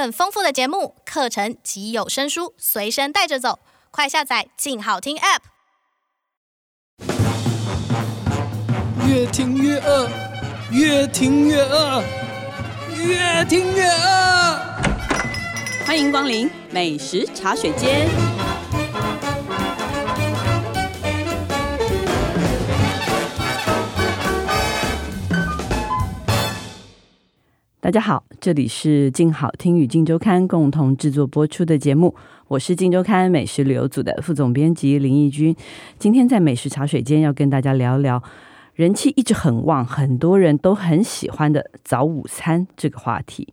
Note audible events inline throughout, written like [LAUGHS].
很豐富的節目、課程即有聲書隨身帶着走，快下載“靜好聽 ”App。越聽越餓，越聽越餓，越聽越餓。歡迎光臨美食茶水間。大家好，這裡是鏡好聽與鏡週刊共同製作播出的節目，我是鏡週刊美食旅遊組的副總編輯林奕君。今天在美食茶水間要跟大家聊聊人氣一直很旺、很多人都很喜歡的早午餐這個話題。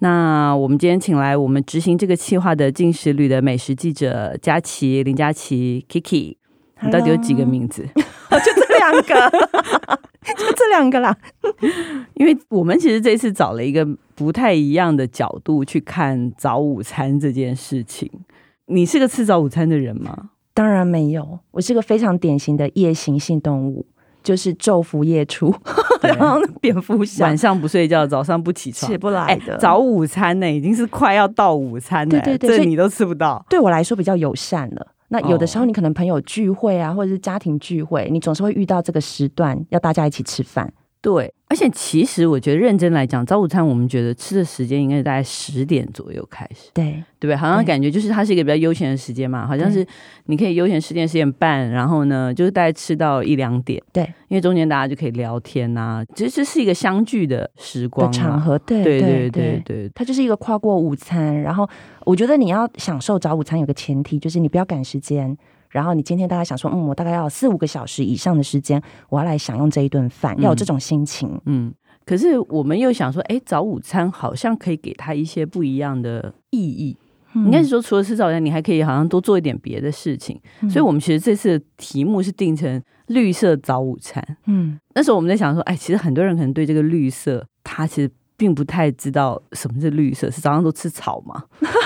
那我們今天請來我們執行這個計劃的鏡食旅的美食記者佳琪林佳琪 Kiki。你到底有幾個名字？Hello? [LAUGHS] [LAUGHS] 就這兩個，就這兩個啦。 [LAUGHS] 因為我們其實這次找了一個不太一樣的角度去看早午餐這件事情。你是個吃早午餐的人嗎？當然沒有，我是個非常典型的夜行性動物，就是晝伏夜出，對然後蝙蝠俠晚上不睡覺，早上不起床，起不來的、欸、早午餐呢、欸，已經是快要到午餐了、欸，對對對，這你都吃不到。對我來說比較友善了。那有的時候，你可能朋友聚會啊，Oh. 或者是家庭聚會，你總是會遇到這個時段，要大家一起吃飯，對。而且其實我覺得認真來講，早午餐我們覺得吃的時間應該大概十點左右開始，對對，好像感覺就是它是一個比較悠閒的時間嘛，好像是你可以悠閒十點十點半，然後呢，就是大概吃到一兩點，對，因為中間大家就可以聊天吶、啊。其實這是一個相聚的時光的場合，對對對對，對對對它就是一個跨過午餐。然後我覺得你要享受早午餐，有個前提就是你不要趕時間。然後你今天大概想說，嗯，我大概要四五個小時以上的時間，我要來享用這一頓飯，要有這種心情，嗯，嗯。可是我們又想說，哎，早午餐好像可以給他一些不一樣的意義，應、嗯、該是說除了吃早餐，你還可以好像多做一點別的事情。嗯、所以我們其實這次題目是定成綠色早午餐，嗯。那時候我們在想說，哎，其實很多人可能對這個綠色，它其實，並不太知道什麼是綠色，是早上都吃草嗎？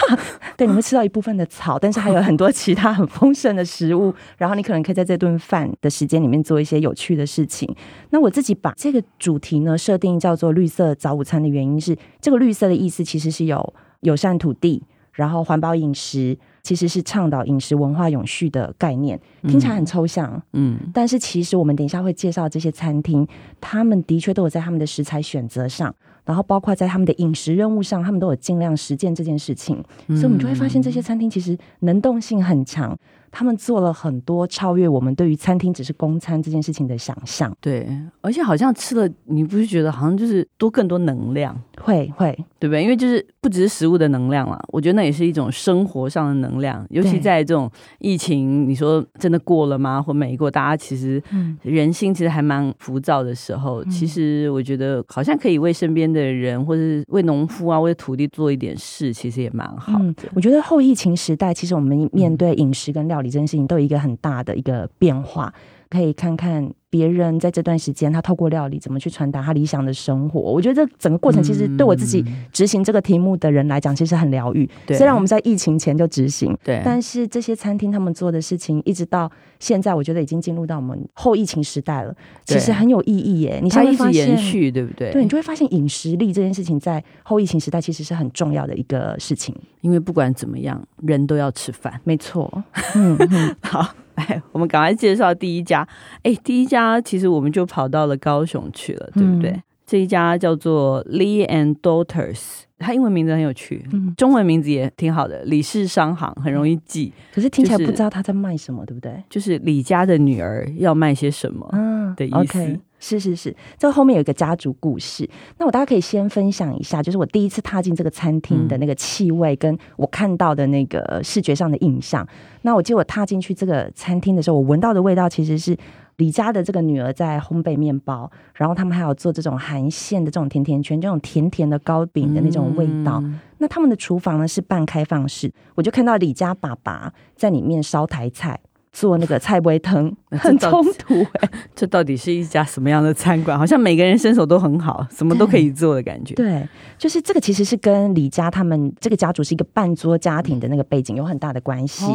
[LAUGHS] 對，你會吃到一部分的草，但是還有很多其他很豐盛的食物。然後你可能可以在這頓飯的時間裡面做一些有趣的事情。那我自己把這個主題呢設定叫做“綠色早午餐”的原因是，這個“綠色”的意思其實是有友善土地，然後環保飲食其實是倡導飲食文化永續的概念，聽起來很抽象。嗯，但是其實我們等一下會介紹這些餐廳，他們的確都有在他們的食材選擇上。然後包括在他們的飲食任務上，他們都有盡量實踐這件事情，嗯、所以我們就會發現這些餐廳其實能動性很強，他們做了很多超越我們對於餐廳只是供餐這件事情的想象。對，而且好像吃了，你不是覺得好像就是多更多能量？會會，會對不對？因為就是。不只是食物的能量了，我覺得那也是一種生活上的能量。尤其在這種疫情，你說真的過了嗎？或沒過，大家其實人心其實還蠻浮躁的時候，嗯、其實我覺得好像可以為身邊的人，或是為農夫啊，為土地做一點事，其實也蠻好，嗯。我覺得後疫情時代，其實我們面對飲食跟料理這件事情，都有一個很大的一個變化，可以看看，別人在這段時間，他透過料理怎麼去傳達他理想的生活？我覺得這整個過程其實對我自己執行這個題目的人來講，其實很療癒。雖然我們在疫情前就執行，對，但是這些餐廳他們做的事情一直到現在，我覺得已經進入到我們後疫情時代了。其實很有意義耶！你像一直延續，對不對？對，你就會發現飲食力這件事情在後疫情時代其實是很重要的一個事情，因為不管怎麼樣，人都要吃飯。沒錯。嗯，好。哎，我們趕快介紹第一家。哎，第一家其實我們就跑到了高雄去了，對不對？嗯。這一家叫做 Lee and Daughters。他英文名字很有趣，中文名字也挺好的，李氏商行很容易記。嗯就是、可是聽起來不知道他在賣什麼，對不對？就是李家的女兒要賣些什麼？嗯、啊，對 OK，是是是，這後面有一個家族故事。那我大家可以先分享一下，就是我第一次踏進這個餐廳的那個氣味，跟我看到的那個視覺上的印象。嗯、那我記得我踏進去這個餐廳的時候，我聞到的味道其實是。李家的這個女兒在烘焙麵包，然後他們還有做這種韓餡的這種甜甜圈，這種甜甜的糕餅的那種味道。嗯、那他們的廚房呢是半開放式，我就看到李家爸爸在裡面燒台菜，做那個菜尾湯，很衝突哎。這到底是一家什麼樣的餐館？好像每個人身手都很好，對什麼都可以做的感覺。對，就是這個其實是跟李家他們這個家族是一個辦桌家庭的那個背景有很大的關係。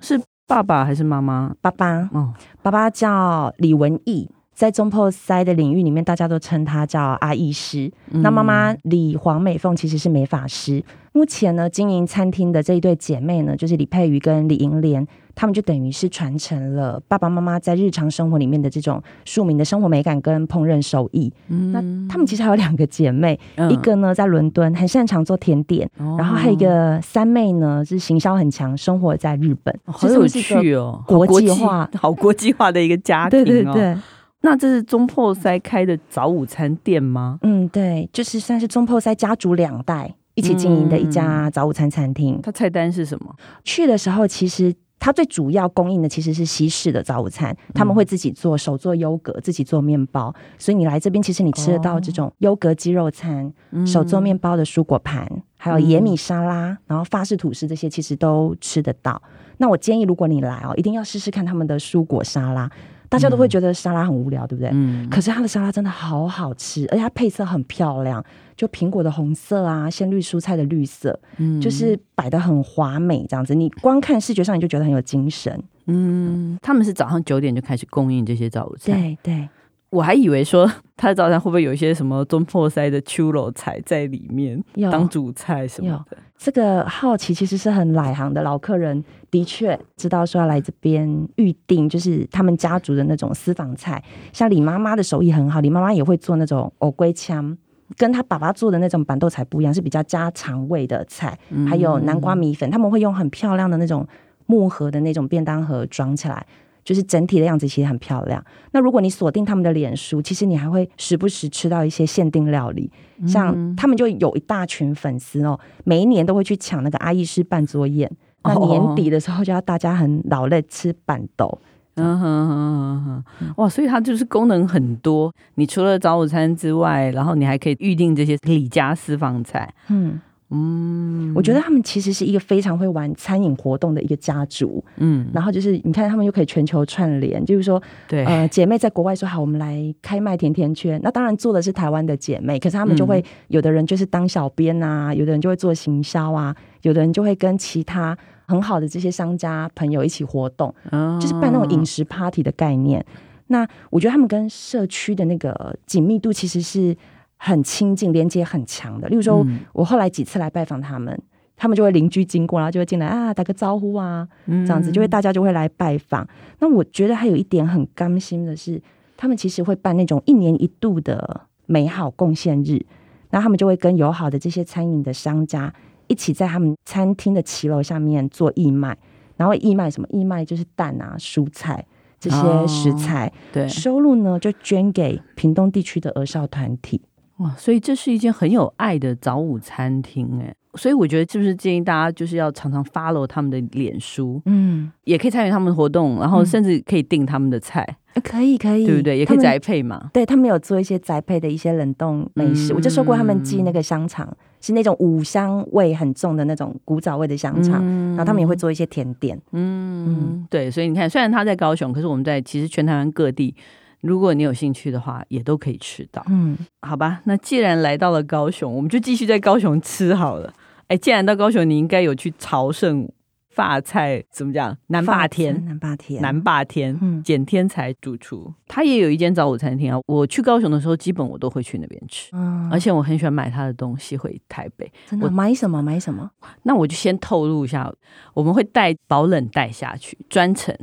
是、哦。爸爸還是媽媽？爸爸，爸爸叫李文毅。在總舖師的領域裡面，大家都稱他叫阿毅師。那媽媽李黃美鳳其實是美髮師。目前呢，經營餐廳的這一對姐妹呢，就是李佩瑜跟李銀蓮。他們就等於是傳承了爸爸媽媽在日常生活裡面的這種庶民的生活美感跟烹飪手藝。嗯，那他們其實還有兩個姐妹，嗯、一個呢在倫敦很擅長做甜點，哦、然後還有一個三妹呢是行銷很強，生活在日本。哦、好有趣哦，國際化，好國際，好國際化的一個家庭，哦。 [LAUGHS] 對對對。那這是中破塞開的早午餐店嗎？嗯，對，就是算是中破塞家族兩代一起經營的一家早午餐餐廳。嗯，它菜單是什麼？去的時候其實。它最主要供應的其實是西式的早午餐，他們會自己做手做優格，自己做麵包，所以你來這邊其實你吃得到這種優格雞肉餐、哦、手做麵包的蔬果盤，嗯、還有野米沙拉，然後法式吐司這些其實都吃得到。那我建議如果你來哦，一定要試試看他們的蔬果沙拉。大家都會覺得沙拉很無聊，對不對？嗯，可是它的沙拉真的好好吃，而且它配色很漂亮，就蘋果的紅色啊，鮮綠蔬菜的綠色，嗯，就是擺得很華美，這樣子。你光看視覺上，你就覺得很有精神。嗯，他們是早上九點就開始供應這些早餐。對對，我還以為說他的早餐會不會有一些什麼東坡塞的秋肉菜在裡面有，當主菜什麼的。這個好奇其實是很來行的老客人，的確知道說要來這邊預定，就是他們家族的那種私房菜。像李媽媽的手藝很好，李媽媽也會做那種藕歸腔，跟她爸爸做的那種板豆菜不一樣，是比較家常味的菜。嗯，還有南瓜米粉，他們會用很漂亮的那種木盒的那種便當盒裝起來。就是整體的樣子其實很漂亮。那如果你鎖定他們的臉書，其實你還會時不時吃到一些限定料理。像他們就有一大群粉絲哦，每一年都會去搶那個阿義師辦桌宴。那年底的時候就要大家很勞累吃板豆、哦樣嗯。嗯哼哼哼，嗯嗯、哇！所以它就是功能很多。你除了早午餐之外，嗯、然後你還可以預定這些李家私房菜。嗯。嗯，我覺得他們其實是一個非常會玩餐飲活動的一個家族。嗯，然後就是你看，他們又可以全球串聯，就是說，對、呃，姐妹在國外說好，我們來開賣甜甜圈。那當然做的是台灣的姐妹，可是他們就會、嗯、有的人就是當小編啊，有的人就會做行銷啊，有的人就會跟其他很好的這些商家朋友一起活動，哦、就是辦那種飲食 party 的概念。那我覺得他們跟社區的那個緊密度其實是。很親近、連接很強的，例如說，我後來幾次來拜訪他們，嗯、他們就會鄰居經過，然後就會進來啊，打個招呼啊，這樣子，就會大家就會來拜訪。嗯、那我覺得還有一點很甘心的是，他們其實會辦那種一年一度的美好貢獻日，然後他們就會跟友好的這些餐飲的商家一起在他們餐廳的騎樓下面做義賣，然後義賣什麼？義賣就是蛋啊、蔬菜這些食材，哦、收入呢就捐給屏東地區的兒少團體。哇，所以這是一件很有愛的早午餐廳哎，所以我覺得是不是建議大家就是要常常 follow 他們的臉書，嗯，也可以參與他們的活動，然後甚至可以訂他們的菜，可以可以，對不對？也可以宅配嘛，他對他們有做一些宅配的一些冷凍美食，嗯、我就說過他們寄那個香腸、嗯、是那種五香味很重的那種古早味的香腸，嗯、然後他們也會做一些甜點，嗯嗯，嗯對，所以你看，雖然他在高雄，可是我們在其實全台灣各地。如果你有興趣的話，也都可以吃到。嗯，好吧，那既然來到了高雄，我們就繼續在高雄吃好了。哎，既然到高雄，你應該有去朝聖發菜，怎麼講？南霸天，天南霸天，南霸天，簡天才主廚，他也有一間早午餐廳啊。我去高雄的時候，基本我都會去那邊吃。嗯，而且我很喜歡買他的東西回台北。真的，啊我買，買什麼買什麼？那我就先透露一下，我們會帶保冷袋下去，專程，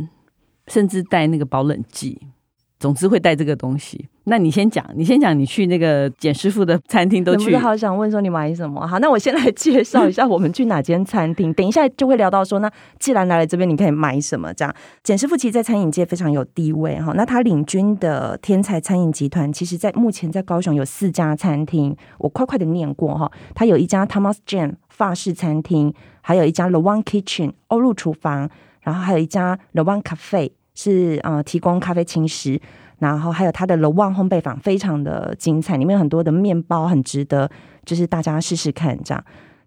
甚至帶那個保冷劑。總之會帶這個東西。那你先講，你先講，你去那個簡師傅的餐廳都去。好想問說你買什麼？好，那我先來介紹一下我們去哪間餐廳。 [LAUGHS] 等一下就會聊到說，那既然來了這邊，你可以買什麼？這樣，簡師傅其實在餐飲界非常有地位哈。那他領軍的天才餐飲集團，其實，在目前在高雄有四家餐廳。我快快的念過哈，他有一家 Thomas Chien 法式餐廳，還有一家 La One Kitchen 歐陸廚房，然後還有一家 La One Cafe。是啊，呃，提供咖啡輕食，然後還有他的樓旺烘焙坊，非常的精彩，裡面有很多的麵包很值得，就是大家試試看這樣。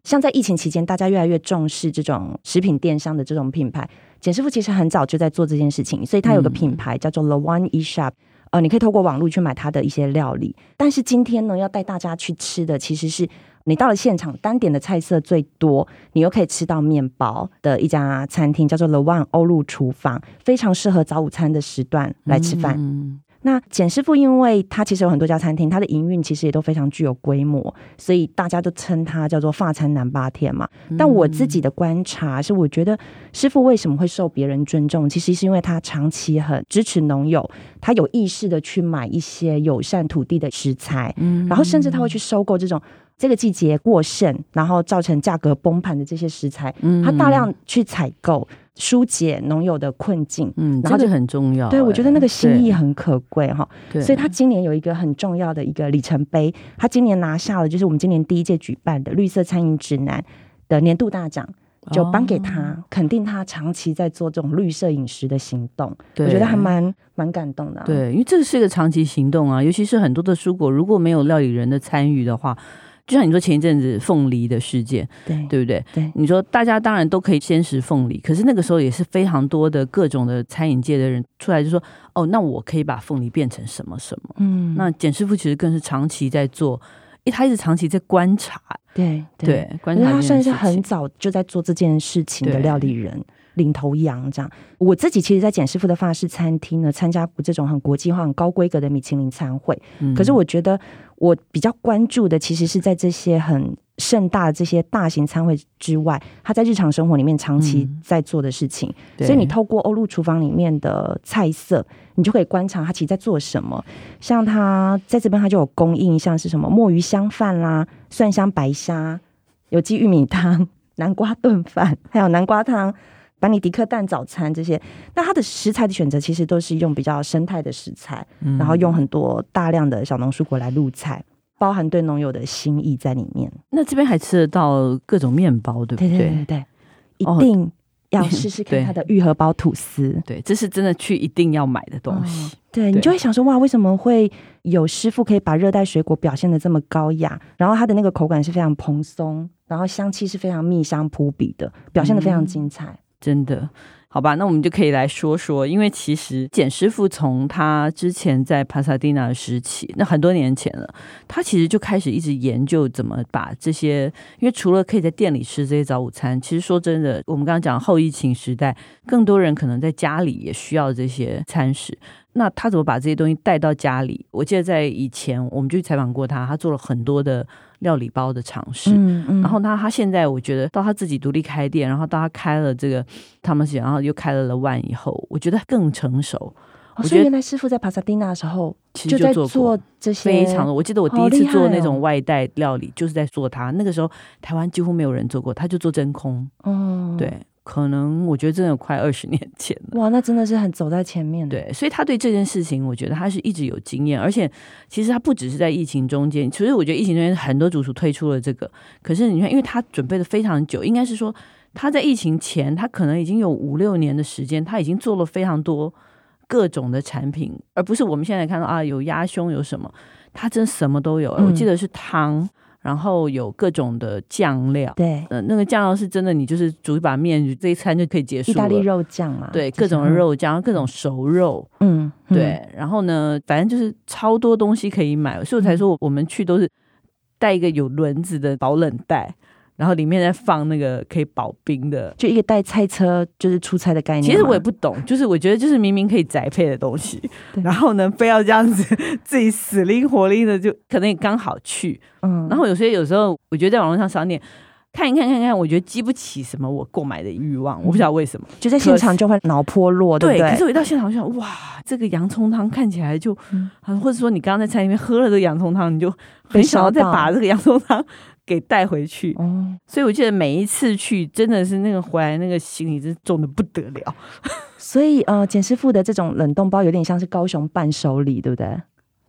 像在疫情期間，大家越來越重視這種食品電商的這種品牌，簡師傅其實很早就在做這件事情，所以他有個品牌叫做樓旺 e shop，、嗯、呃，你可以透過網絡去買他的一些料理。但是今天呢，要帶大家去吃的其實是。你到了現場，單點的菜色最多，你又可以吃到麵包的一家餐廳，叫做 The One 歐陸廚房，非常適合早午餐的時段來吃飯。嗯、那簡師傅，因為他其實有很多家餐廳，他的營運其實也都非常具有規模，所以大家都稱他叫做“法餐南霸天”嘛。嗯、但我自己的觀察是，我覺得師傅為什麼會受別人尊重，其實是因為他長期很支持農友，他有意識的去買一些友善土地的食材，嗯、然後甚至他會去收購這種。這個季節過剩，然後造成價格崩盤的這些食材，嗯，他大量去採購，疏解農友的困境，嗯，然後就這個很重要。對，我覺得那個心意很可貴哈。對，所以他今年有一個很重要的一個里程碑，他今年拿下了就是我們今年第一屆舉辦的綠色餐飲指南的年度大獎，就頒給他，哦、肯定他長期在做這種綠色飲食的行動。對，我覺得還蠻蠻感動的、啊。對，因為這個是一個長期行動啊，尤其是很多的蔬果，如果沒有料理人的參與的話。就像你說前一陣子鳳梨的事件，對對不對？對，你說大家當然都可以先食鳳梨，可是那個時候也是非常多的各種的餐飲界的人出來就說，哦，那我可以把鳳梨變成什麼什麼？嗯，那簡師傅其實更是長期在做，因為他一直長期在觀察，對對，因為他算是很早就在做這件事情的料理人。領頭羊這樣，我自己其實，在簡師傅的法式餐廳呢，參加過這種很國際化、很高規格的米其林餐會。嗯、可是我覺得，我比較關注的，其實是在這些很盛大的這些大型餐會之外，他在日常生活裡面長期在做的事情。嗯、所以，你透過歐陸廚房裡面的菜色，你就可以觀察他其實在做什麼。像他在這邊，他就有供應，像是什麼墨魚香飯啦、蒜香白蝦、有機玉米湯、南瓜燉飯，還有南瓜湯。班尼迪克蛋早餐這些，那它的食材的選擇其實都是用比較生態的食材，嗯、然後用很多大量的小農蔬果來入菜，包含對農友的心意在裡面。那這邊還吃得到各種麵包，對不對？對對對對，一定要試試、哦、看它的玉荷包吐司，對，這是真的去一定要買的東西。嗯、對，對你就會想說，哇，為什麼會有師傅可以把熱帶水果表現得這麼高雅？然後它的那個口感是非常蓬鬆，然後香氣是非常蜜香撲鼻的，表現得非常精彩。嗯真的，好吧，那我們就可以來說說，因為其實簡師傅從他之前在帕薩蒂娜時期，那很多年前了，他其實就開始一直研究怎麼把這些，因為除了可以在店裡吃這些早午餐，其實說真的，我們剛剛講後疫情時代，更多人可能在家裡也需要這些餐食。那他怎麼把這些東西帶到家裡？我記得在以前我們就採訪過他，他做了很多的。料理包的嘗試，嗯嗯、然後他他現在我覺得到他自己獨立開店，然後到他開了這個他們，然後又開了了 One 以後，我覺得更成熟。哦、所以我覺得原來師傅在帕薩蒂娜的時候其實就做過，就在做這些，非常的，我記得我第一次做那種外帶料理，啊、就是在做他那個時候，台灣幾乎沒有人做過，他就做真空。哦、嗯，對。可能我覺得真的快二十年前，哇，那真的是很走在前面。對，所以他對這件事情，我覺得他是一直有經驗，而且其實他不只是在疫情中間，其實我覺得疫情中間很多主廚推出了這個，可是你看，因為他準備的非常久，應該是說他在疫情前，他可能已經有五六年的時間，他已經做了非常多各種的產品，而不是我們現在看到啊，有鴨胸有什麼，他真什麼都有。我記得是湯。嗯然後有各種的醬料，對，嗯、呃，那個醬料是真的，你就是煮一把麵，這一餐就可以結束了。意大利肉醬啊，對，各種的肉醬，就是、各種熟肉，嗯，對。嗯、然後呢，反正就是超多東西可以買，所以我才說我們去都是帶一個有輪子的保冷袋。然後裡面再放那個可以保冰的，就一個帶菜車，就是出差的概念。其實我也不懂，就是我覺得就是明明可以宅配的東西，對然後呢，非要這樣子自己死拎活拎的就，就可能也剛好去。嗯，然後有時候有時候我覺得在網絡上商店看一看一看一看，我覺得激不起什麼我購買的慾望，嗯、我不知道為什麼，就在現場就會腦破落。是對，對對可是我一到現場就想，哇，這個洋蔥湯看起來就，嗯、或者說你剛剛在餐廳裡面喝了這個洋蔥湯，你就很想要再把這個洋蔥湯。 [LAUGHS] 給帶回去哦，所以我記得每一次去，真的是那個回來那個行李是重的不得了。所以呃，簡師傅的這種冷凍包有點像是高雄伴手禮，對不對？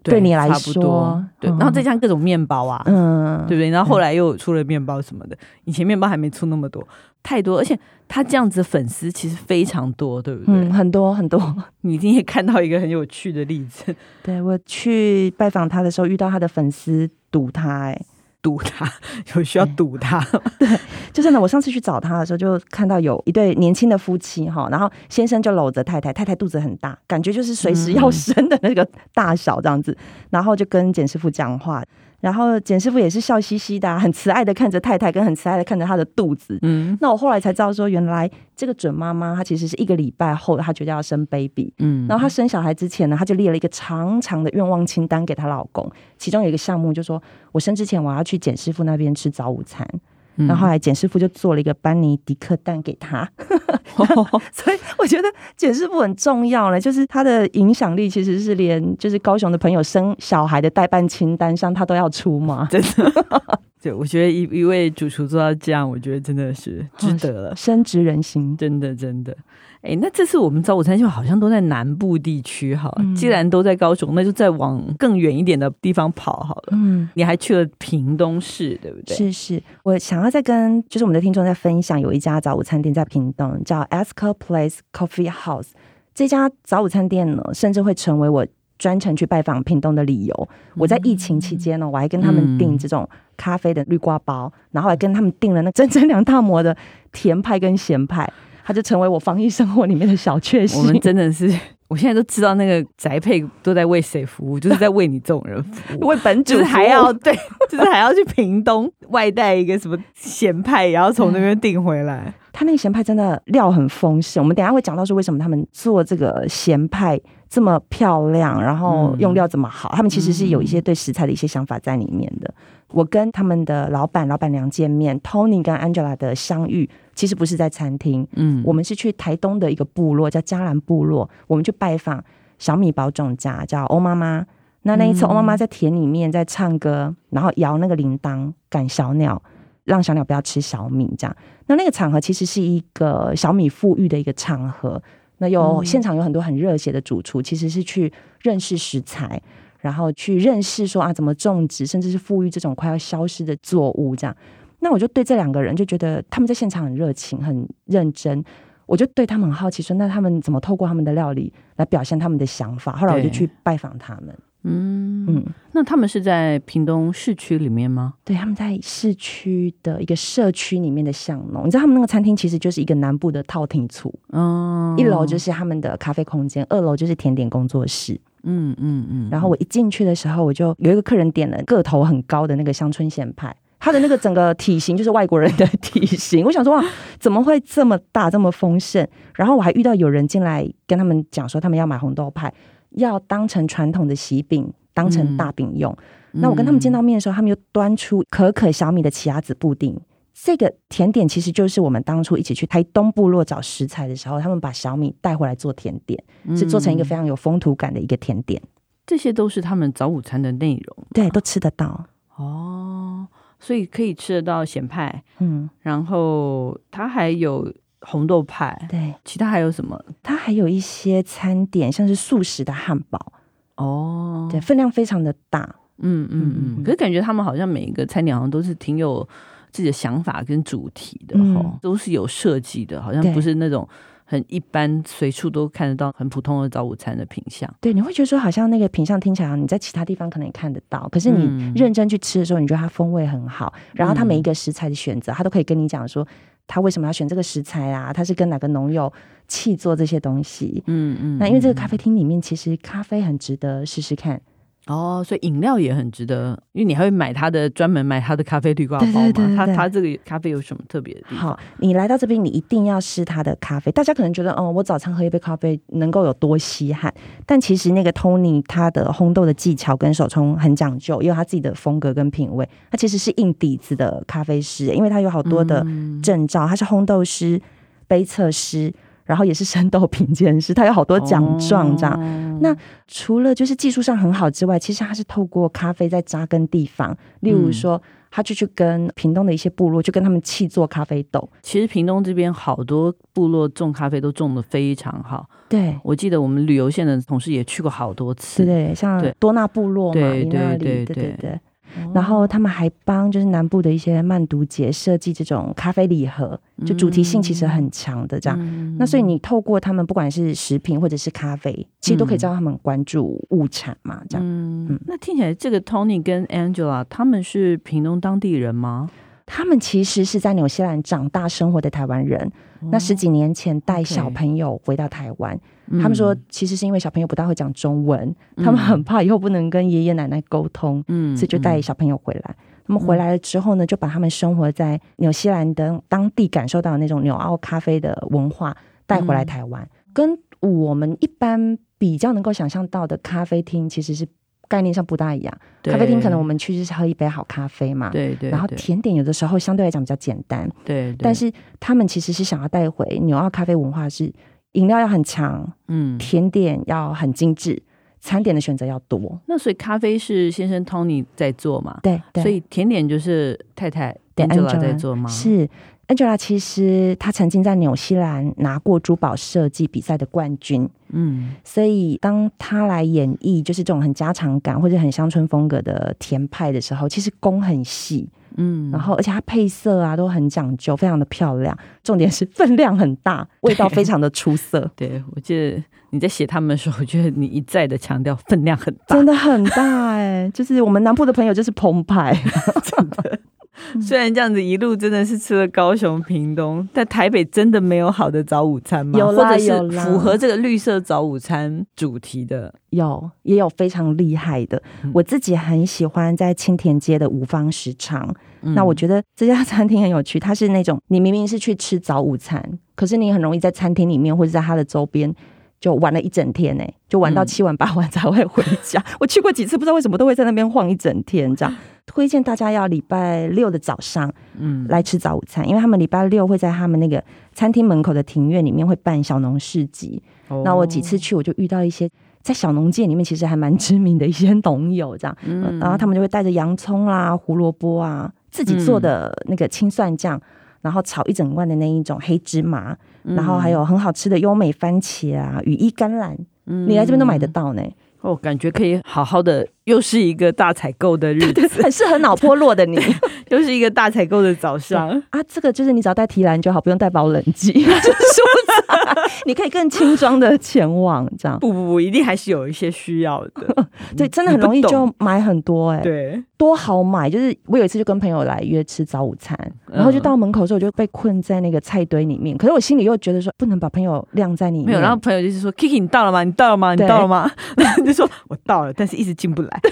對，對你來說，差不多對。嗯、然後這像各種麵包啊，嗯，對不對？然後後來又出了麵包什麼的，嗯、以前麵包還沒出那麼多，太多。而且他這樣子粉絲其實非常多，對不對？很多、嗯、很多。很多。你今天看到一個很有趣的例子，對，我去拜訪他的時候，遇到他的粉絲堵他哎。堵他，有需要堵他，嗯、 [LAUGHS] 對，就是呢。我上次去找他的時候，就看到有一對年輕的夫妻哈，然後先生就摟着太太，太太肚子很大，感覺就是隨時要生的那個大小這樣子，嗯、然後就跟簡師傅講話。然後簡師傅也是笑嘻嘻的，啊，很慈愛的看着太太，跟很慈愛的看着她的肚子。嗯，那我後來才知道說，原來這個準媽媽她其實是一個禮拜後的，她決定要生 baby。嗯，然後她生小孩之前呢，她就列了一個長長的願望清單給她老公，其中有一個項目就是說，我生之前我要去簡師傅那邊吃早午餐。然後來簡師傅就做了一個班尼迪克蛋給他。 [LAUGHS] 那 [LAUGHS] 所以我覺得簡師傅很重要呢，就是他的影響力其實是連就是高雄的朋友生小孩的待辦清單上他都要出嘛。 [LAUGHS] 真的，對，我覺得一一位主廚做到這樣，我覺得真的是值得了，哦，深植人心，真的，真的。哎、欸，那這次我們早午餐就好像都在南部地區，嗯、既然都在高雄，那就再往更遠一點的地方跑好了。嗯，你還去了屏東市，對不對？是是，我想要再跟就是我們的聽眾在分享，有一家早午餐店在屏東，叫 Esker Place Coffee House。這家早午餐店呢，甚至會成為我專程去拜訪屏東的理由。嗯、我在疫情期間呢，我還跟他們訂這種咖啡的綠瓜包，嗯、然後還跟他們訂了那整整兩套模的甜派跟鹹派。他就成為我防疫生活裡面的小確幸。我們真的是，我現在都知道那個宅配都在為誰服務，就是在為你這種人服務， [LAUGHS] 為本主還要對，就是還要去屏東 [LAUGHS] 外帶一個什麼鹹派，然後從那邊訂回來。他、嗯、那個鹹派真的料很豐盛，我們等一下會講到是為什麼他們做這個鹹派這麼漂亮，然後用料這麼好，他們其實是有一些對食材的一些想法在裡面的。我跟他們的老闆、老闆娘見面。Tony 跟 Angela 的相遇其實不是在餐廳，嗯，我們是去台東的一個部落，叫嘉蘭部落。我們去拜訪小米保種家，叫歐媽媽。那那一次，歐媽媽在田裡面在唱歌，嗯、然後搖那個鈴鐺趕小鳥，讓小鳥不要吃小米這樣。那那個場合其實是一個小米富裕的一個場合。那有現場有很多很熱血的主廚，其實是去認識食材。然後去認識說啊，怎麼種植，甚至是復育這種快要消失的作物，這樣。那我就對這兩個人就覺得他們在現場很熱情、很認真，我就對他們很好奇說，說那他們怎麼透過他們的料理來表現他們的想法？對後來我就去拜訪他們。嗯嗯，嗯那他們是在屏東市區裡面嗎？對，他們在市區的一個社區裡面的巷弄。你知道他們那個餐廳其實就是一個南部的透天厝，嗯，哦、一樓就是他們的咖啡空間，二樓就是甜點工作室。嗯嗯嗯，嗯嗯然後我一進去的時候，我就有一個客人點了個頭很高的那個香椿鹹派，他的那個整個體型就是外國人的體型， [LAUGHS] 我想說哇，怎麼會這麼大這麼豐盛？然後我還遇到有人進來跟他們講說，他們要買紅豆派，要當成傳統的喜餅，當成大餅用。嗯嗯、那我跟他們見到面的時候，他們又端出可可小米的奇亞籽布丁。這個甜點其實就是我們當初一起去台東部落找食材的時候，他們把小米帶回來做甜點，嗯，是做成一個非常有風土感的一個甜點。這些都是他們早午餐的內容，對，都吃得到哦。所以可以吃得到鹹派，嗯，然後它還有紅豆派，對，其他還有什麼？它還有一些餐點，像是素食的漢堡，哦，對，分量非常的大，嗯嗯嗯。嗯嗯可是感覺他們好像每一個餐點好像都是挺有。自己的想法跟主題的吼，嗯、都是有設計的，好像不是那種很一般，隨處都看得到很普通的早午餐的品相。對，你會覺得說，好像那個品相聽起來你在其他地方可能也看得到，可是你認真去吃的時候，你覺得它風味很好。嗯、然後它每一個食材的選擇，他都可以跟你講說，他為什麼要選這個食材啊？他是跟哪個農友契作這些東西？嗯嗯。嗯那因為這個咖啡廳裡面，其實咖啡很值得試試看。哦，所以飲料也很值得，因為你還會買他的專門買他的咖啡濾掛包嘛。對對對對，他他這個咖啡有什麼特別的地方？好，你來到這邊，你一定要試他的咖啡。大家可能覺得，哦，我早餐喝一杯咖啡能夠有多稀罕？但其實那個 Tony 他的烘豆的技巧跟手沖很講究，也有他自己的風格跟品味。他其實是硬底子的咖啡師，因為他有好多的證照，嗯，他是烘豆師、杯測師。然後也是生豆品鑑師，他有好多獎狀這樣。哦、那除了就是技術上很好之外，其實他是透過咖啡在扎根地方。例如說，他就去跟屏東的一些部落，就、嗯、跟他們一起做咖啡豆。其實屏東這邊好多部落種咖啡都種得非常好。對，我記得我們旅遊線的同事也去過好多次。對，對像多納部落嘛，對對對，對對對對對。然後他們還幫就是南部的一些慢讀節設計這種咖啡禮盒，就主題性其實很強的這樣。嗯、那所以你透過他們不管是食品或者是咖啡，其實都可以教他們關注物產嘛這樣。嗯嗯、那聽起來這個 Tony 跟 Angela 他們是屏東當地人嗎？他們其實是在紐西蘭長大生活的台灣人，嗯、那十幾年前帶小朋友回到台灣，嗯、他們說其實是因為小朋友不太會講中文，嗯、他們很怕以後不能跟爺爺奶奶溝通，嗯，所以就帶小朋友回來。嗯、他們回來了之後呢，嗯、就把他們生活在紐西蘭的當地感受到的那種紐澳咖啡的文化帶回來台灣，嗯、跟我們一般比較能夠想象到的咖啡廳其實是。概念上不大一樣，對咖啡廳可能我們去就是喝一杯好咖啡嘛，對對。對對然後甜點有的時候相對來講比較簡單，對。對但是他們其實是想要帶回紐澳咖啡文化，是飲料要很強，嗯，甜點要很精致，餐點的選擇要多。那所以咖啡是先生 Tony 在做嘛，對對。對所以甜點就是太太 Angela 在做嗎？Angela, 是。Angela 其實她曾經在紐西蘭拿過珠寶設計比賽的冠軍，嗯，所以當她來演繹就是這種很家常感或者很鄉村風格的甜派的時候，其實工很細，嗯，然後而且她配色啊都很講究，非常的漂亮。重點是分量很大，味道非常的出色。對，對我記得你在寫他們的時候，我覺得你一再的強調分量很大， [LAUGHS] 真的很大哎、欸，就是我們南部的朋友就是澎湃。 [LAUGHS] [LAUGHS] 雖然這樣子一路真的是吃了高雄、屏東，但台北真的沒有好的早午餐嗎？有，有或者有符合這個綠色早午餐主題的，有也有非常厲害的。我自己很喜歡在青田街的五方食場。嗯、那我覺得這家餐廳很有趣，它是那種你明明是去吃早午餐，可是你很容易在餐廳裡面或者在它的周邊。就玩了一整天呢，欸，就玩到七晚八晚才會回家。嗯、我去過幾次，不知道為什麼都會在那邊晃一整天。這樣，推薦大家要禮拜六的早上，嗯，來吃早午餐，因為他們禮拜六會在他們那個餐廳門口的庭院裡面會辦小農市集。那我幾次去，我就遇到一些在小農界裡面其實還蠻知名的一些農友，這樣，然後他們就會帶着洋蔥啦、胡蘿蔔啊，自己做的那個青蒜醬，然後炒一整罐的那一種黑芝麻。然後還有很好吃的優美番茄啊，羽衣甘藍，你來這邊都買得到呢。嗯、哦，感覺可以好好的。又是一個大採購的日子 [LAUGHS] 對對對，很適合腦破落的你。 [LAUGHS] 又是一個大採購的早上啊！這個就是你只要帶提籃就好，不用帶保冷劑。 [LAUGHS] 就是說， [LAUGHS] 你可以更輕裝的前往，這樣。不不不，一定還是有一些需要的。 [LAUGHS] 對，真的很容易就買很多哎、欸。對，多好買。就是我有一次就跟朋友來約吃早午餐，然後就到門口的時候，我就被困在那個菜堆裡面。可是我心裡又覺得說，不能把朋友晾在裡面。沒有，然後朋友就是說：“Kiki， [LAUGHS] 你到了嗎？你到了嗎？你到了嗎？”對 [LAUGHS] 就說：“我到了，但是一直進不來。” [LAUGHS] 對，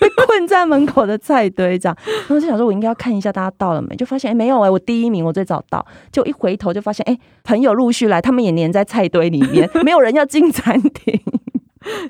被困在門口的菜堆這樣，然後就想說，我應該要看一下大家到了沒，就發現哎、欸，沒有哎、欸，我第一名，我最早到，就一回頭就發現，哎、欸，朋友陸續來，他們也黏在菜堆裡面，沒有人要進餐廳。 [LAUGHS]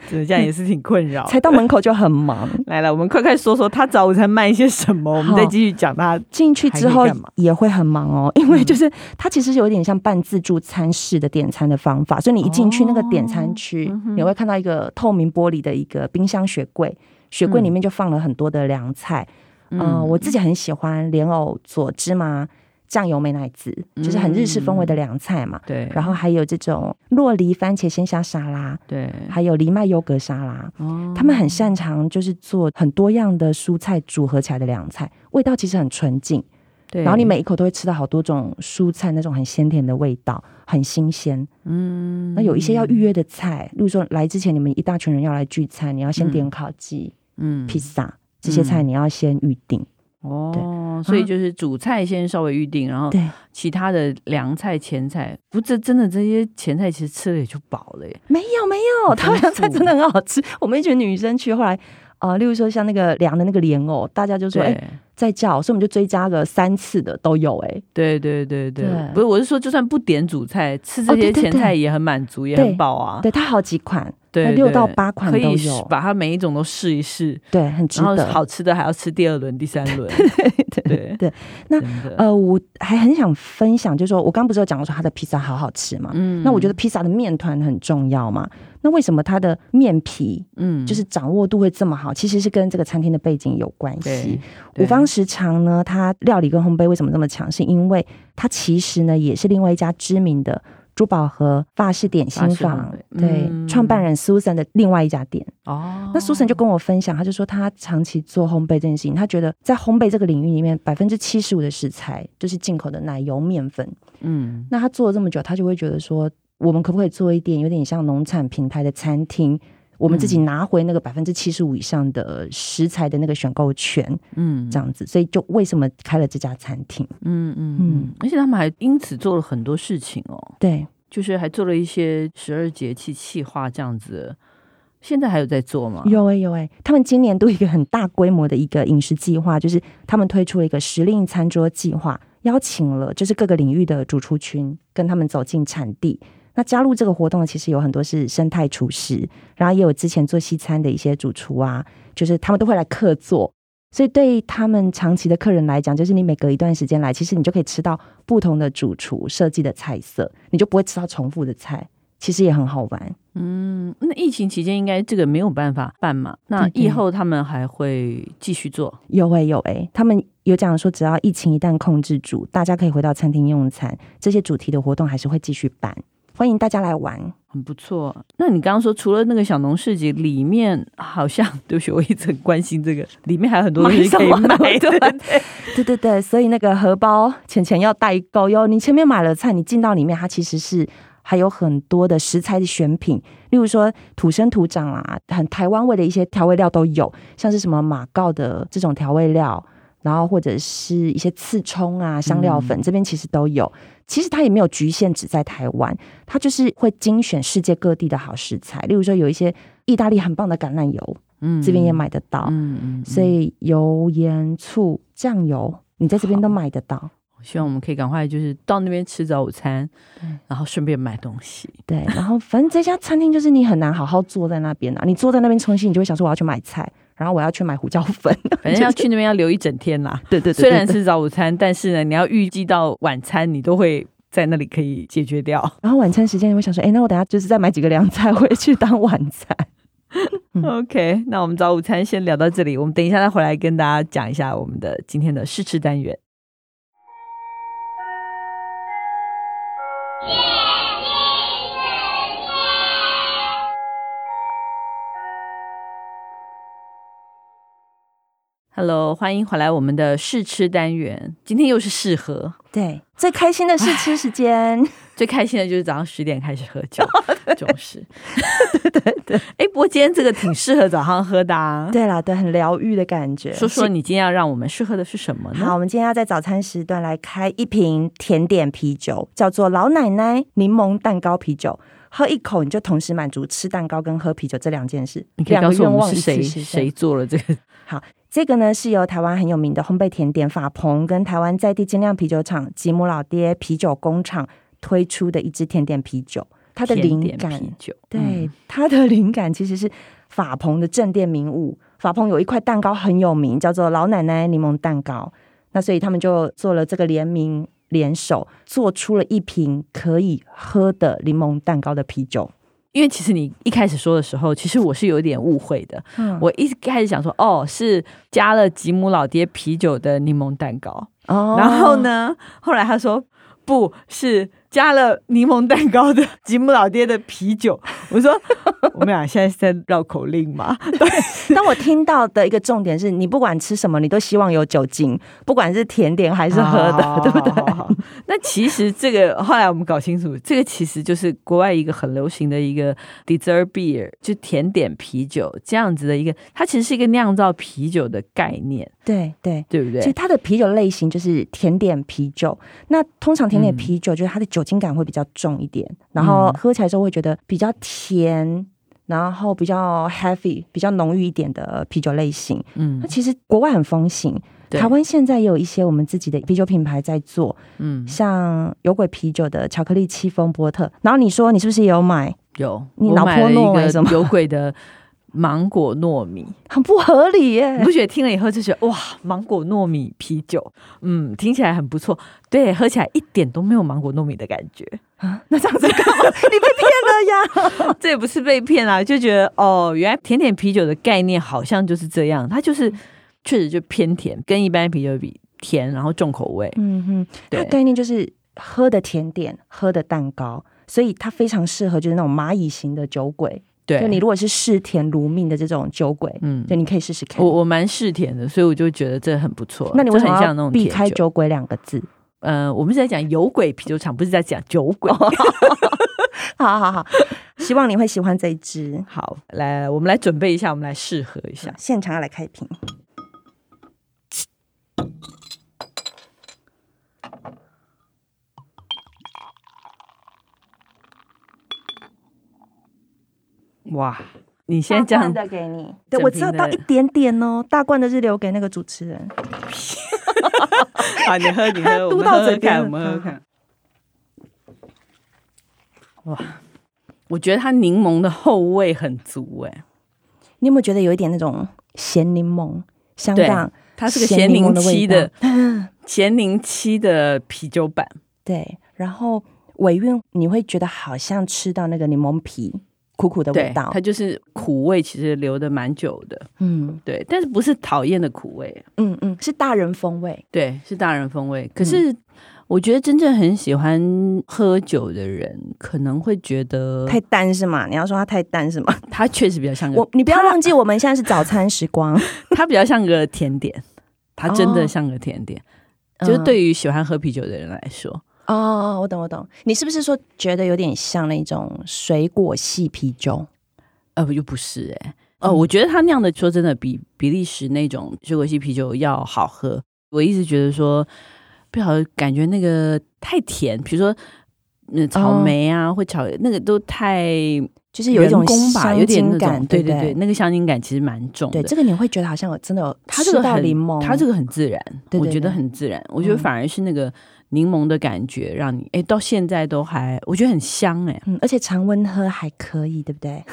真的這樣也是挺困擾，才到門口就很忙。 [LAUGHS] 來了，我們快快說說他早午餐賣一些什麼，好我們再繼續講。他進去之後也會很忙哦，因為就是、嗯、它其實有點像半自助餐式的點餐的方法，所以你一進去那個點餐區，哦嗯、你會看到一個透明玻璃的一個冰箱雪櫃，雪櫃裡面就放了很多的涼菜。嗯，呃、嗯我自己很喜歡蓮藕佐芝麻。醬油美乃滋，嗯、就是很日式風味的涼菜嘛，對。然後還有這種酪梨番茄鮮蝦沙，沙拉，對。還有藜麥優格沙拉，哦、他們很擅長就是做很多樣的蔬菜組合起來的涼菜，味道其實很純淨，對。然後你每一口都會吃到好多種蔬菜，那種很鮮甜的味道，很新鮮。嗯，那有一些要預約的菜，例如說，來之前你們一大群人要來聚餐，你要先點烤雞，嗯，披薩薩、嗯、這些菜，你要先預定。哦，對所以就是主菜先稍微預定，蛤然後其他的涼菜、前菜，對不，這真的這些前菜其實吃了也就飽了耶。沒有沒有，沒有他們涼菜真的很好吃，我們一群女生去後來。啊，例如說像那個涼的那個蓮藕，大家就說哎再叫，所以我們就追加個三次的都有哎，對對對對，不是我是說就算不點主菜，吃這些前菜也很滿足也很飽啊，對它好幾款，對六到八款都有，把它每一種都試一試，對很值得，好吃的還要吃第二輪第三輪，對對對，那呃我還很想分享，就是說我剛不是有講說他的披薩好好吃嘛，嗯，那我覺得披薩的麵糰很重要嘛。那為什麼他的麵皮，嗯，就是掌握度會這麼好？嗯、其實是跟這個餐廳的背景有關係。五方食藏呢，它料理跟烘焙為什麼這麼強？是因為它其實呢也是另外一家知名的珠寶盒法式點心坊，對，嗯、創辦人 Susan 的另外一家店。哦，那 Susan 就跟我分享，他就說他長期做烘焙這件事情，他覺得在烘焙這個領域裡面，百分之七十五的食材就是進口的奶油麵粉。嗯，那他做了這麼久，他就會覺得說。我們可不可以做一點有點像農產平台的餐廳？我們自己拿回那個百分之七十五以上的食材的那個選購權，嗯，這樣子。所以就為什麼開了這家餐廳？嗯嗯嗯。嗯嗯，而且他們還因此做了很多事情哦。對，就是還做了一些十二節氣企劃這樣子。現在還有在做嗎？有哎、欸、有哎、欸。他們今年度一個很大規模的一個飲食計劃，就是他們推出了一個時令餐桌計劃，邀請了就是各個領域的主廚群，跟他們走進產地。那加入這個活動呢，其實有很多是生態廚師，然後也有之前做西餐的一些主廚啊，就是他們都會來客座。所以對他們長期的客人來講，就是你每隔一段時間來，其實你就可以吃到不同的主廚設計的菜色，你就不會吃到重複的菜，其實也很好玩。嗯，那疫情期間應該這個沒有辦法辦嘛？那以後他們還會繼續做？對對。有會、欸、有欸、欸，他們有講說，只要疫情一旦控制住，大家可以回到餐廳用餐，這些主題的活動還是會繼續辦。歡迎大家來玩，很不錯。那你剛剛說，除了那個小農市集，裡面好像，對不起，我一直很關心這個，裡面還有很多東西可以買，對不對？ [LAUGHS] 對、對、對，所以那個荷包錢錢要帶夠喲。你前面買了菜，你進到裡面，它其實是還有很多的食材的選品，例如說土生土長啊，很台灣味的一些調味料都有，像是什麼馬告的這種調味料，然後或者是一些刺蔥啊香料粉，這邊其實都有。嗯其實它也沒有局限，只在台灣，它就是會精選世界各地的好食材。例如說，有一些意大利很棒的橄欖油，嗯，這邊也買得到，嗯、嗯、嗯。所以油、鹽、醋、醬油，你在這邊都買得到。我希望我們可以趕快就是到那邊吃早午餐，嗯、然後順便買東西。對，然後反正這家餐廳就是你很難好好坐在那邊啊，你坐在那邊休息，你就會想說我要去買菜。然後我要去買胡椒粉，反正要去那邊要留一整天啦。 [LAUGHS] 對對對、對，雖然是早午餐，但是呢，你要預計到晚餐，你都會在那裡可以解決掉。然後晚餐時間，你會想說，哎、欸，那我等下就是再買幾個涼菜回去當晚餐。 [LAUGHS] OK，那我們早午餐先聊到這裡，我們等一下再回來跟大家講一下我們的今天的試吃單元。Hello，歡迎回來我們的試吃單元，今天又是試喝，對，最開心的試吃時間，最開心的就是早上十點開始喝酒， [LAUGHS] 總是，對對、對對。哎、欸，不過今天這個挺適合早上喝的，啊，對了，對，很療癒的感覺。說說你今天要讓我們試喝的是什麼呢？好，我們今天要在早餐時段來開一瓶甜點啤酒，叫做老奶奶檸檬蛋糕啤酒，喝一口你就同時滿足吃蛋糕跟喝啤酒這兩件事。你可以告訴我們是誰誰做了這個好。這個呢，是由台灣很有名的烘焙甜點法朋，跟台灣在地精釀啤酒廠吉姆老爹啤酒工廠推出的一支甜點啤酒。它的靈感，嗯、對它的靈感其實是法朋的鎮店名物。法朋有一塊蛋糕很有名，叫做老奶奶檸檬蛋糕。那所以他們就做了這個聯名，聯手做出了一瓶可以喝的檸檬蛋糕的啤酒。因為其實你一開始說的時候，其實我是有點誤會的。嗯，我一開始想說，哦，是加了吉姆老爹啤酒的檸檬蛋糕。哦，然後呢，後來他說不是。加了檸檬蛋糕的吉姆老爹的啤酒，我說我們倆現在是在繞口令嘛？對。但 [LAUGHS] 我聽到的一個重點是你不管吃什麼，你都希望有酒精，不管是甜點還是喝的，啊、對不對？ [LAUGHS] 那其實這個後來我們搞清楚，這個其實就是國外一個很流行的一個 dessert beer，就甜點啤酒這樣子的一個，它其實是一個釀造啤酒的概念。對對對，對對不對？所以它的啤酒類型就是甜點啤酒。那通常甜點啤酒就是它的酒、嗯。酒精感會比較重一點，然後喝起來之後會覺得比較甜，嗯、然後比較 heavy、比較濃郁一點的啤酒類型。嗯，那其實國外很風行，對台灣現在也有一些我們自己的啤酒品牌在做。嗯，像有鬼啤酒的巧克力戚風波特，然後你說你是不是也有買？有，你拿了一個有鬼的麼。芒果糯米很不合理耶，你不覺得聽了以後，就覺得哇，芒果糯米啤酒，嗯，聽起來很不錯，對，喝起來一點都沒有芒果糯米的感覺啊，那這樣子 [LAUGHS] 你被騙了呀？ [LAUGHS] 這也不是被騙啊，就覺得哦，原來甜點啤酒的概念好像就是這樣，它就是嗯、確實就偏甜，跟一般啤酒比甜，然後重口味，嗯哼，對，概念就是喝的甜點，喝的蛋糕，所以它非常適合就是那種螞蟻型的酒鬼。對，就你如果是嗜甜如命的這種酒鬼，嗯，對，你可以試試看。我我蠻嗜甜的，所以我就覺得這很不錯。那你會就很像那種避開“酒鬼”兩個字？嗯、呃，我們是在講有鬼啤酒廠，不是在講酒鬼。 [LAUGHS] [LAUGHS] [LAUGHS] 好好好，希望你會喜歡這一支。好，來，來，我們來準備一下，我們來試喝一下，呃、現場要來開瓶。哇！你先這樣，給你。對，我只要倒一點點哦、喔。大罐的是留給那個主持人。好、 [LAUGHS] [LAUGHS] 啊，你喝，你喝，你 [LAUGHS] 喝，喝，你喝，喝。啊、哇，我覺得它檸檬的後味很足哎、欸。你有沒有覺得有一點那種鹹檸檬？香港，它是個鹹檸檬的味道的，鹹檸七的啤酒版。 [LAUGHS] 對，然後尾韻你會覺得好像吃到那個檸檬皮。苦苦的味道，它就是苦味，其實留得蠻久的。嗯，對，但是不是討厭的苦味？嗯嗯，是大人風味，對，是大人風味。可是我覺得真正很喜歡喝酒的人，可能會覺得太淡是嗎？你要說它太淡是嗎？它確實比較像個我，你不要忘記我們現在是早餐時光，它 [LAUGHS] 比較像個甜點，它真的像個甜點，哦、就是對於喜歡喝啤酒的人來說。哦、喔，我懂，我懂。你是不是說覺得有點像那種水果系啤酒？呃，不，又不是哎、欸。嗯、哦，我覺得他那樣的，說真的比，比比利時那種水果系啤酒要好喝。我一直覺得說，不曉得，感覺那個太甜，比如說，那草莓啊，啊或炒，那個都太，就是有一種香吧，源 projects 有點感對對對，那個香精感其實蠻重的。對，這個你會覺得好像真的有，他這個很，檬他這個很自然，對對對我覺得很自然。我覺得反而是那個。嗯檸檬的感覺，讓你哎、欸，到現在都還我覺得很香哎、欸，嗯，而且常溫喝還可以，對不對？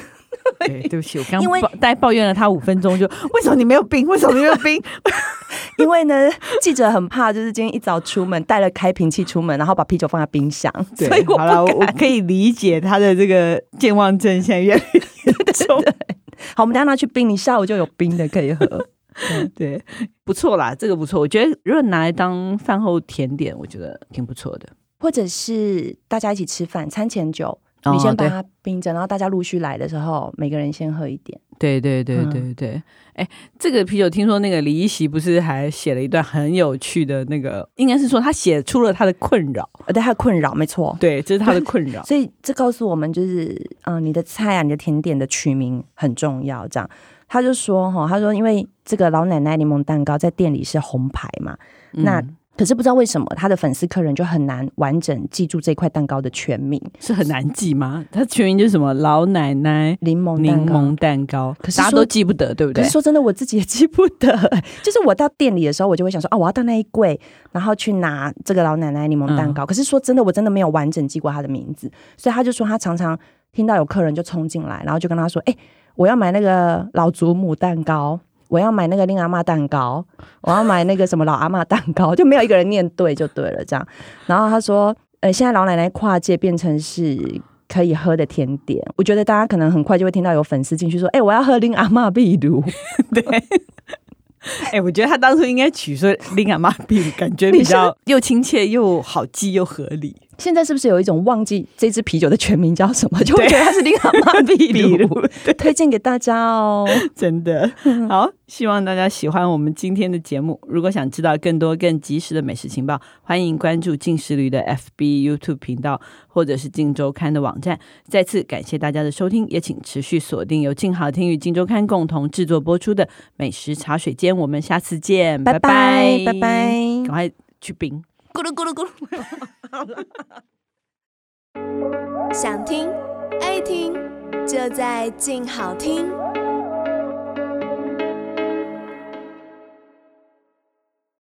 對，對不起，我剛抱因為大概抱怨了他五分鐘就，就為什麼你沒有冰？為什麼你沒有冰？ [LAUGHS] [LAUGHS] 因為呢，記者很怕，就是今天一早出門帶了開瓶器出門，然後把啤酒放在冰箱，對。好了，我可以理解他的這個健忘症現在越來越嚴重 [LAUGHS] 對對對。好，我們等一下拿去冰，你下午就有冰的可以喝。 [LAUGHS] 對，對，不錯啦，這個不錯。我覺得如果拿來當飯後甜點，我覺得挺不錯的。或者是大家一起吃飯，餐前酒，哦、你先把它冰着，對然後大家陸續來的時候，每個人先喝一點。對對對對對。嗯、誒這個啤酒，聽說那個李一席不是還寫了一段很有趣的那個？應該是說他寫出了他的困擾，對他的困擾，沒錯，對，這是他的困擾。所以這告訴我們，就是嗯、呃，你的菜啊，你的甜點的取名很重要，這樣。他就說：“哈，他說因為這個老奶奶檸檬蛋糕在店裡是紅牌嘛，嗯、那可是不知道為什麼他的粉絲客人就很難完整記住這塊蛋糕的全名，是很難記嗎？以他全名就是什麼？老奶奶檸檬檸檬蛋糕，可是大家都記不得，說對不對？說真的，我自己也記不得。 [LAUGHS] 就是我到店裡的時候，我就會想說哦、啊，我要到那一櫃，然後去拿這個老奶奶檸檬蛋糕。嗯、可是說真的，我真的沒有完整記過他的名字。所以他就說，他常常。”聽到有客人就衝進來，然後就跟他說：“哎、欸，我要買那個老祖母蛋糕，我要買那個令阿媽蛋糕，我要買那個什麼老阿媽蛋糕。” [LAUGHS] 就沒有一個人念對就對了，這樣。然後他說：“呃，現在老奶奶跨界變成是可以喝的甜點，我覺得大家可能很快就會聽到有粉絲進去說：‘哎、欸，我要喝令阿媽壁爐。’ [LAUGHS] 對，哎、 [LAUGHS] 欸，我覺得他當初應該取說令阿媽壁爐，感覺比較又親切又好記又合理。”現在是不是有一種忘記這支啤酒的全名叫什麼，就會覺得它是零卡？比對如對推薦給大家哦，真的好，希望大家喜歡我們今天的節目。如果想知道更多更及時的美食情報，歡迎關注《鏡食旅》的 FB、YouTube 頻道，或者是《鏡週刊》的網站。再次感謝大家的收聽，也請持續鎖定由鏡好聽與《鏡週刊》共同制作播出的美食茶水間。我們下次見，拜拜，拜拜，趕快去冰，咕嚕咕嚕咕嚕。 [LAUGHS] 好了 [LAUGHS] 想聽愛聽，就在鏡好聽。